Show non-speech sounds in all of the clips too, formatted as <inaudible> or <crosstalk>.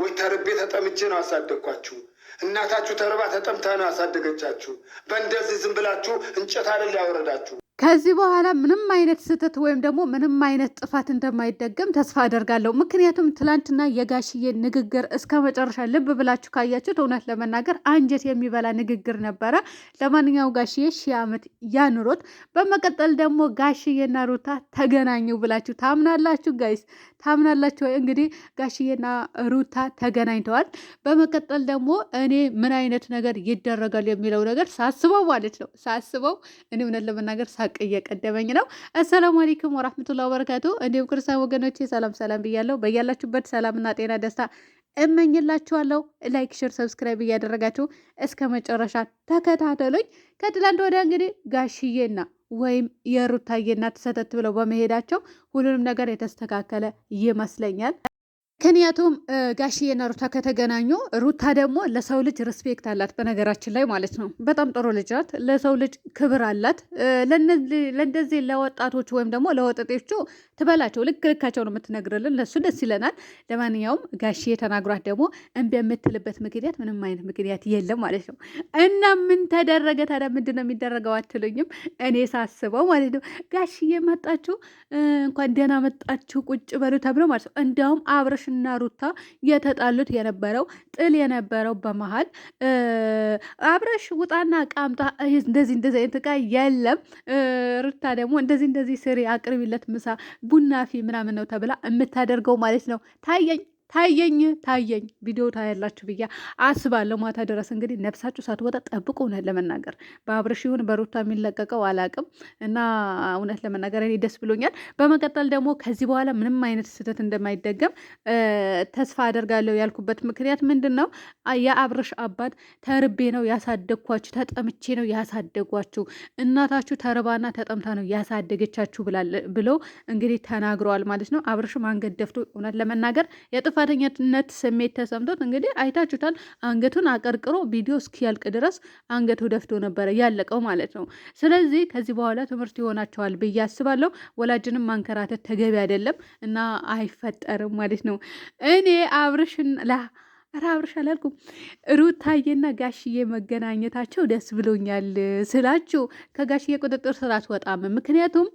ወይ ተርቤ ተጠምቼ ነው አሳደግኳችሁ። እናታችሁ ተርባ ተጠምታ ነው አሳደገቻችሁ። በእንደዚህ ዝም ብላችሁ እንጨት አይደል ያወረዳችሁ። ከዚህ በኋላ ምንም አይነት ስህተት ወይም ደግሞ ምንም አይነት ጥፋት እንደማይደገም ተስፋ አደርጋለሁ። ምክንያቱም ትላንትና የጋሽዬ ንግግር እስከ መጨረሻ ልብ ብላችሁ ካያችሁት እውነት ለመናገር አንጀት የሚበላ ንግግር ነበረ። ለማንኛውም ጋሽዬ ሺህ ዓመት ያኑሮት። በመቀጠል ደግሞ ጋሽዬና ሩታ ተገናኙ ብላችሁ ታምናላችሁ? ጋይስ ታምናላችሁ? እንግዲህ ጋሽዬና ሩታ ተገናኝተዋል። በመቀጠል ደግሞ እኔ ምን አይነት ነገር ይደረጋል የሚለው ነገር ሳስበው ማለት ነው ሳስበው እኔ እውነት ለመናገር ሀቅ እየቀደመኝ ነው። አሰላሙ አለይኩም ወራህመቱላሂ ወበረካቱ። እንዲሁም ክርስቲያን ወገኖቼ ሰላም ሰላም ብያለሁ። በያላችሁበት ሰላምና ጤና ደስታ እመኝላችኋለሁ። ላይክ፣ ሼር፣ ሰብስክራይብ እያደረጋችሁ እስከ መጨረሻ ተከታተሉኝ። ከትላንት ወዲያ እንግዲህ ጋሽዬና ወይም የሩታዬ እናት ሰተት ብለው በመሄዳቸው ሁሉንም ነገር የተስተካከለ ይመስለኛል። ምክንያቱም ጋሽዬና ሩታ ከተገናኙ ሩታ ደግሞ ለሰው ልጅ ሪስፔክት አላት፣ በነገራችን ላይ ማለት ነው። በጣም ጥሩ ልጅ ናት፣ ለሰው ልጅ ክብር አላት። ለእንደዚህ ለወጣቶች ወይም ደግሞ ለወጠጤቹ ትበላቸው፣ ልክ ልካቸው ነው የምትነግርልን፣ ለሱ ደስ ይለናል። ለማንኛውም ጋሽዬ ተናግሯት ደግሞ እምቢ የምትልበት ምክንያት ምንም አይነት ምክንያት የለም ማለት ነው። እና ምን ተደረገ ታዲያ? ምንድን ነው የሚደረገው አትሉኝም? እኔ ሳስበው ማለት ነው ጋሽዬ መጣችሁ እንኳን ደህና መጣችሁ ቁጭ በሉ ተብሎ ማለት ነው። እንዲያውም አብረሽ አብርሽና ሩታ የተጣሉት የነበረው ጥል የነበረው በመሀል አብረሽ ውጣና ቃምጣ እንደዚህ እንደዚህ አይነት እቃ የለም፣ ሩታ ደግሞ እንደዚህ እንደዚህ ስሪ፣ አቅርቢለት፣ ምሳ ቡና ፊ ምናምን ነው ተብላ የምታደርገው ማለት ነው ታየኝ። ታየኝ ታየኝ ቪዲዮ ታያላችሁ ብዬ አስባለሁ። ማታ ድረስ እንግዲህ ነፍሳችሁ ሳትወጣ ጠብቁ። እውነት ለመናገር በአብርሽ ይሁን በሩታ የሚለቀቀው አላቅም እና እውነት ለመናገር እኔ ደስ ብሎኛል። በመቀጠል ደግሞ ከዚህ በኋላ ምንም አይነት ስህተት እንደማይደገም ተስፋ አደርጋለሁ። ያልኩበት ምክንያት ምንድን ነው? የአብርሽ አባት ተርቤ ነው ያሳደግኳችሁ፣ ተጠምቼ ነው ያሳደጓችሁ፣ እናታችሁ ተርባና ተጠምታ ነው ያሳደገቻችሁ ብለው እንግዲህ ተናግረዋል ማለት ነው። አብረሽ አንገት ደፍቶ እውነት ለመናገር የጥፍ የጥፋተኛነት ስሜት ተሰምቶት እንግዲህ አይታችሁታል። አንገቱን አቀርቅሮ ቪዲዮ እስኪያልቅ ድረስ አንገቱ ደፍቶ ነበረ ያለቀው ማለት ነው። ስለዚህ ከዚህ በኋላ ትምህርት ይሆናቸዋል ብዬ አስባለሁ። ወላጅንም ማንከራተት ተገቢ አይደለም እና አይፈጠርም ማለት ነው። እኔ አብርሽን ላ ኧረ አብርሽ አላልኩም ሩታዬና ጋሽዬ መገናኘታቸው ደስ ብሎኛል ስላችሁ ከጋሽዬ ቁጥጥር ስራ አትወጣም ምክንያቱም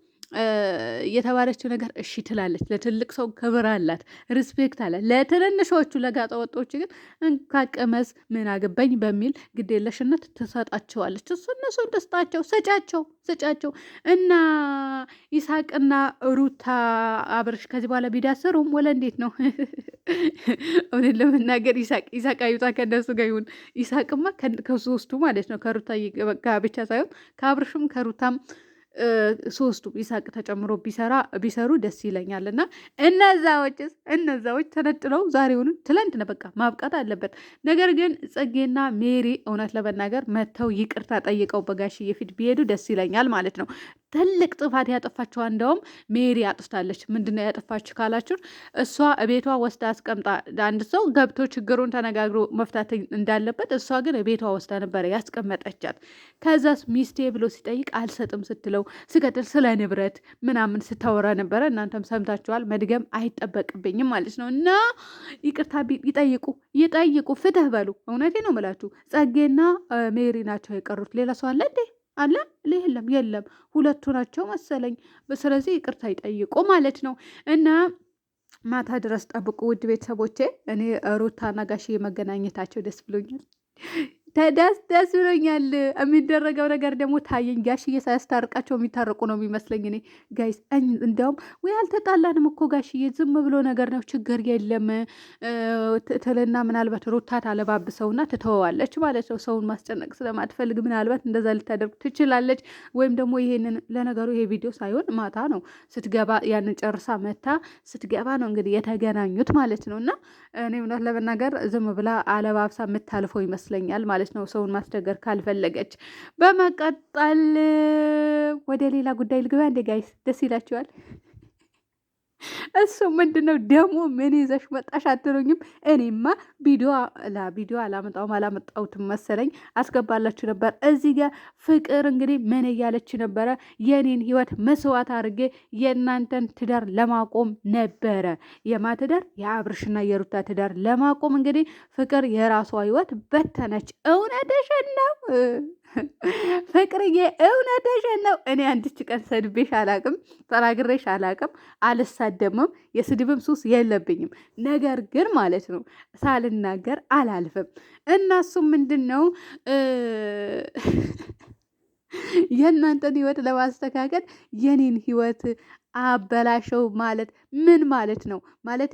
የተባለችው ነገር እሺ ትላለች። ለትልቅ ሰው ክብር አላት፣ ሪስፔክት አለ። ለትንንሾቹ ለጋጠ ወጦች ግን እንካቀመስ ምን አገባኝ በሚል ግዴለሽነት ትሰጣቸዋለች። እሱ እነሱ እንደስጣቸው ስጫቸው፣ ስጫቸው እና ይሳቅና ሩታ አብረሽ ከዚህ በኋላ ቢዳስሩም ወለ እንዴት ነው <laughs> እውነት ለመናገር ይሳቅ ይሳቅ አዩታ ከእነሱ ጋር ይሁን። ይሳቅማ ከሶስቱ ማለት ነው ከሩታ ብቻ ሳይሆን ከአብርሽም ከሩታም ሶስቱ ይሳቅ ተጨምሮ ቢሰራ ቢሰሩ ደስ ይለኛል። እና እነዛዎችስ እነዛዎች ተነጥለው ዛሬውን ትላንት ነው በቃ ማብቃት አለበት። ነገር ግን ጽጌና ሜሪ እውነት ለመናገር መጥተው ይቅርታ ጠይቀው በጋሽ የፊት ቢሄዱ ደስ ይለኛል ማለት ነው። ትልቅ ጥፋት ያጠፋችዋ እንደውም ሜሪ አጥፍታለች። ምንድነው ያጠፋችሁ ካላችሁ እሷ ቤቷ ወስዳ አስቀምጣ፣ አንድ ሰው ገብቶ ችግሩን ተነጋግሮ መፍታት እንዳለበት እሷ ግን ቤቷ ወስዳ ነበረ ያስቀመጠቻት። ከዛስ ሚስቴ ብሎ ሲጠይቅ አልሰጥም ስትለው ስቀጥል ስለ ንብረት ምናምን ስታወራ ነበረ። እናንተም ሰምታችኋል። መድገም አይጠበቅብኝም ማለት ነው። እና ይቅርታ ይጠይቁ ይጠይቁ፣ ፍትህ በሉ። እውነቴ ነው የምላችሁ። ጸጌና ሜሪ ናቸው የቀሩት። ሌላ ሰው አለ እንዴ? አለ የለም የለም፣ ሁለቱ ናቸው መሰለኝ። ስለዚህ ይቅርታ ይጠይቁ ማለት ነው እና ማታ ድረስ ጠብቁ ውድ ቤተሰቦቼ። እኔ ሩታና ጋሽዬ መገናኘታቸው ደስ ብሎኛል። ደስ ደስ ብሎኛል። የሚደረገው ነገር ደግሞ ታየኝ። ጋሽዬ ሳያስታርቃቸው የሚታረቁ ነው የሚመስለኝ እኔ ጋይስ። እንዲያውም ወይ አልተጣላንም እኮ ጋሽዬ፣ ዝም ብሎ ነገር ነው ችግር የለም ትልና ምናልባት ሩታት አለባብሰውና ትተወዋለች ማለት ነው። ሰውን ማስጨነቅ ስለማትፈልግ ምናልባት እንደዛ ልታደርግ ትችላለች። ወይም ደግሞ ይሄንን ለነገሩ ይሄ ቪዲዮ ሳይሆን ማታ ነው ስትገባ፣ ያንን ጨርሳ መታ ስትገባ ነው እንግዲህ የተገናኙት ማለት ነው። እና እኔ እውነት ለመናገር ዝም ብላ አለባብሳ የምታልፈው ይመስለኛል ማለት ማለት ነው፣ ሰውን ማስደገር ካልፈለገች። በመቀጠል ወደ ሌላ ጉዳይ ልግባ እንዴ ጋይስ፣ ደስ ይላችኋል? እሱ ምንድን ነው ደግሞ? ምን ይዘሽ መጣሽ አትሉኝም? እኔማ ቪዲዮ ቪዲዮ አላመጣውም አላመጣውትም መሰለኝ አስገባላችሁ ነበር። እዚህ ጋር ፍቅር እንግዲህ ምን እያለች ነበረ? የኔን ህይወት መስዋዕት አድርጌ የእናንተን ትዳር ለማቆም ነበረ የማ ትዳር የአብርሽና የሩታ ትዳር ለማቆም እንግዲህ ፍቅር የራሷ ህይወት በተነች። እውነትሽን ነው። ፍቅርዬ እውነትሽን ነው። እኔ አንድች ቀን ሰድቤሽ አላቅም፣ ተናግሬሽ አላቅም፣ አልሳደምም፣ የስድብም ሱስ የለብኝም። ነገር ግን ማለት ነው ሳልናገር አላልፍም እናሱም ምንድን ነው የእናንተን ህይወት ለማስተካከል የኔን ህይወት አበላሸው ማለት ምን ማለት ነው ማለቴ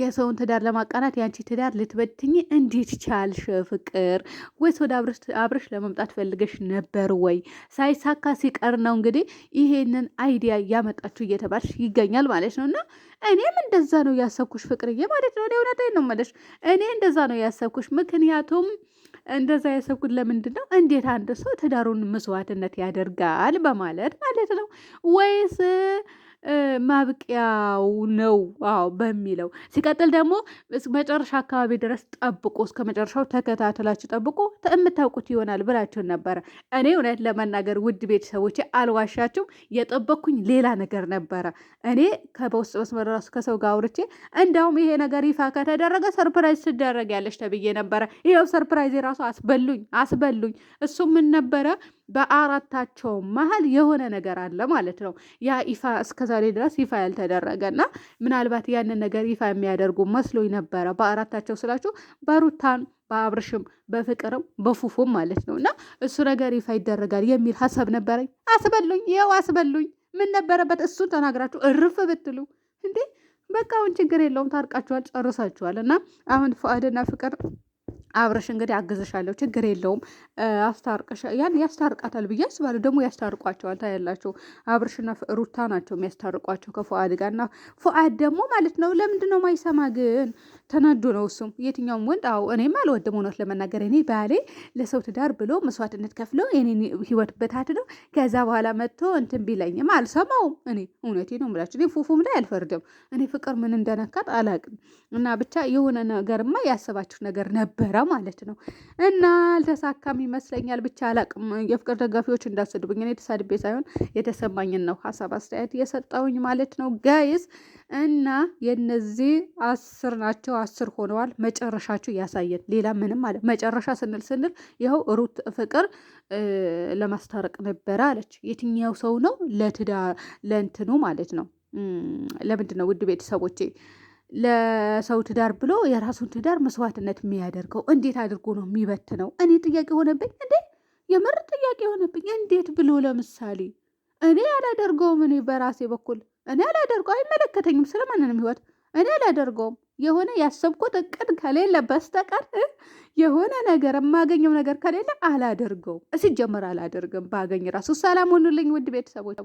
የሰውን ትዳር ለማቃናት የአንቺ ትዳር ልትበትኝ እንዴት ቻልሽ? ፍቅር ወይስ ወደ አብረሽ ለመምጣት ፈልገሽ ነበር ወይ? ሳይሳካ ሲቀር ነው እንግዲህ ይሄንን አይዲያ እያመጣችሁ እየተባልሽ ይገኛል ማለት ነው። እና እኔም እንደዛ ነው ያሰብኩሽ ፍቅርዬ ማለት ነው። እውነቴን ነው የምልሽ፣ እኔ እንደዛ ነው ያሰብኩሽ። ምክንያቱም እንደዛ ያሰብኩት ለምንድን ነው እንዴት አንድ ሰው ትዳሩን መስዋዕትነት ያደርጋል በማለት ማለት ነው ወይስ ማብቂያው ነው። አዎ በሚለው ሲቀጥል ደግሞ መጨረሻ አካባቢ ድረስ ጠብቁ፣ እስከ መጨረሻው ተከታተላችሁ ጠብቁ፣ የምታውቁት ይሆናል ብላችሁን ነበረ። እኔ እውነት ለመናገር ውድ ቤተሰቦች አልዋሻችሁም፣ የጠበኩኝ ሌላ ነገር ነበረ። እኔ ከበውስጥ መስመር ራሱ ከሰው ጋር አውርቼ እንዳውም ይሄ ነገር ይፋ ከተደረገ ሰርፕራይዝ ትደረግ ያለች ተብዬ ነበረ። ይኸው ሰርፕራይዝ የራሱ አስበሉኝ አስበሉኝ። እሱ ምን ነበረ በአራታቸው መሀል የሆነ ነገር አለ ማለት ነው። ያ ይፋ እስከዛሬ ድረስ ይፋ ያልተደረገ እና ምናልባት ያንን ነገር ይፋ የሚያደርጉ መስሎኝ ነበረ። በአራታቸው ስላችሁ በሩታን በአብርሽም በፍቅርም በፉፉም ማለት ነው። እና እሱ ነገር ይፋ ይደረጋል የሚል ሀሳብ ነበረኝ። አስበሉኝ፣ ይኸው አስበሉኝ። ምን ነበረበት እሱን ተናግራችሁ እርፍ ብትሉ እንዴ? በቃ አሁን ችግር የለውም ታርቃችኋል፣ ጨርሳችኋል። እና አሁን ፉአድና ፍቅር አብረሽ እንግዲህ አግዝሻለሁ፣ ችግር የለውም አስታርቅሽ ያን ያስታርቃታል ብዬ አስባለሁ። ደግሞ ያስታርቋቸዋል። ታያላቸው አብረሽና ሩታ ናቸው የሚያስታርቋቸው ከፉአድ ጋር እና ፉአድ ደግሞ ማለት ነው ለምንድን ነው ማይሰማ ግን ተናዶ ነው እሱም የትኛውም ወንድ። አዎ እኔም አልወድም እውነት ለመናገር እኔ ባሌ ለሰው ትዳር ብሎ መስዋዕትነት ከፍሎ የኔን ህይወት በታት ነው ከዛ በኋላ መጥቶ እንትን ቢለኝም አልሰማውም። እኔ እውነቴ ነው የምላችሁ። እኔ ፉፉም ላይ አልፈርድም። እኔ ፍቅር ምን እንደነካት አላቅም። እና ብቻ የሆነ ነገርማ ያሰባችሁ ነገር ነበረ ማለት ነው። እና አልተሳካም ይመስለኛል። ብቻ አላቅም። የፍቅር ደጋፊዎች እንዳሰድቡኝ እኔ ተሳድቤ ሳይሆን የተሰማኝን ነው ሀሳብ አስተያየት እየሰጠውኝ ማለት ነው ጋይስ። እና የነዚህ አስር ናቸው፣ አስር ሆነዋል። መጨረሻቸው ያሳየን። ሌላ ምንም ማለት መጨረሻ ስንል ስንል ይኸው ሩት ፍቅር ለማስታረቅ ነበረ አለች። የትኛው ሰው ነው ለትዳ ለእንትኑ ማለት ነው። ለምንድን ነው ውድ ቤተሰቦቼ ለሰው ትዳር ብሎ የራሱን ትዳር መስዋዕትነት የሚያደርገው እንዴት አድርጎ ነው የሚበት ነው። እኔ ጥያቄ የሆነብኝ እንዴ! የምር ጥያቄ ሆነብኝ። እንዴት ብሎ ለምሳሌ እኔ አላደርገውም። እኔ በራሴ በኩል እኔ አላደርገው፣ አይመለከተኝም። ስለማንንም ህይወት እኔ አላደርገውም። የሆነ ያሰብኩት እቅድ ከሌለ በስተቀር የሆነ ነገር የማገኘው ነገር ከሌለ አላደርገውም። ሲጀመር አላደርግም። ባገኝ ራሱ ሰላም ሆኑልኝ ውድ ቤተሰቦች።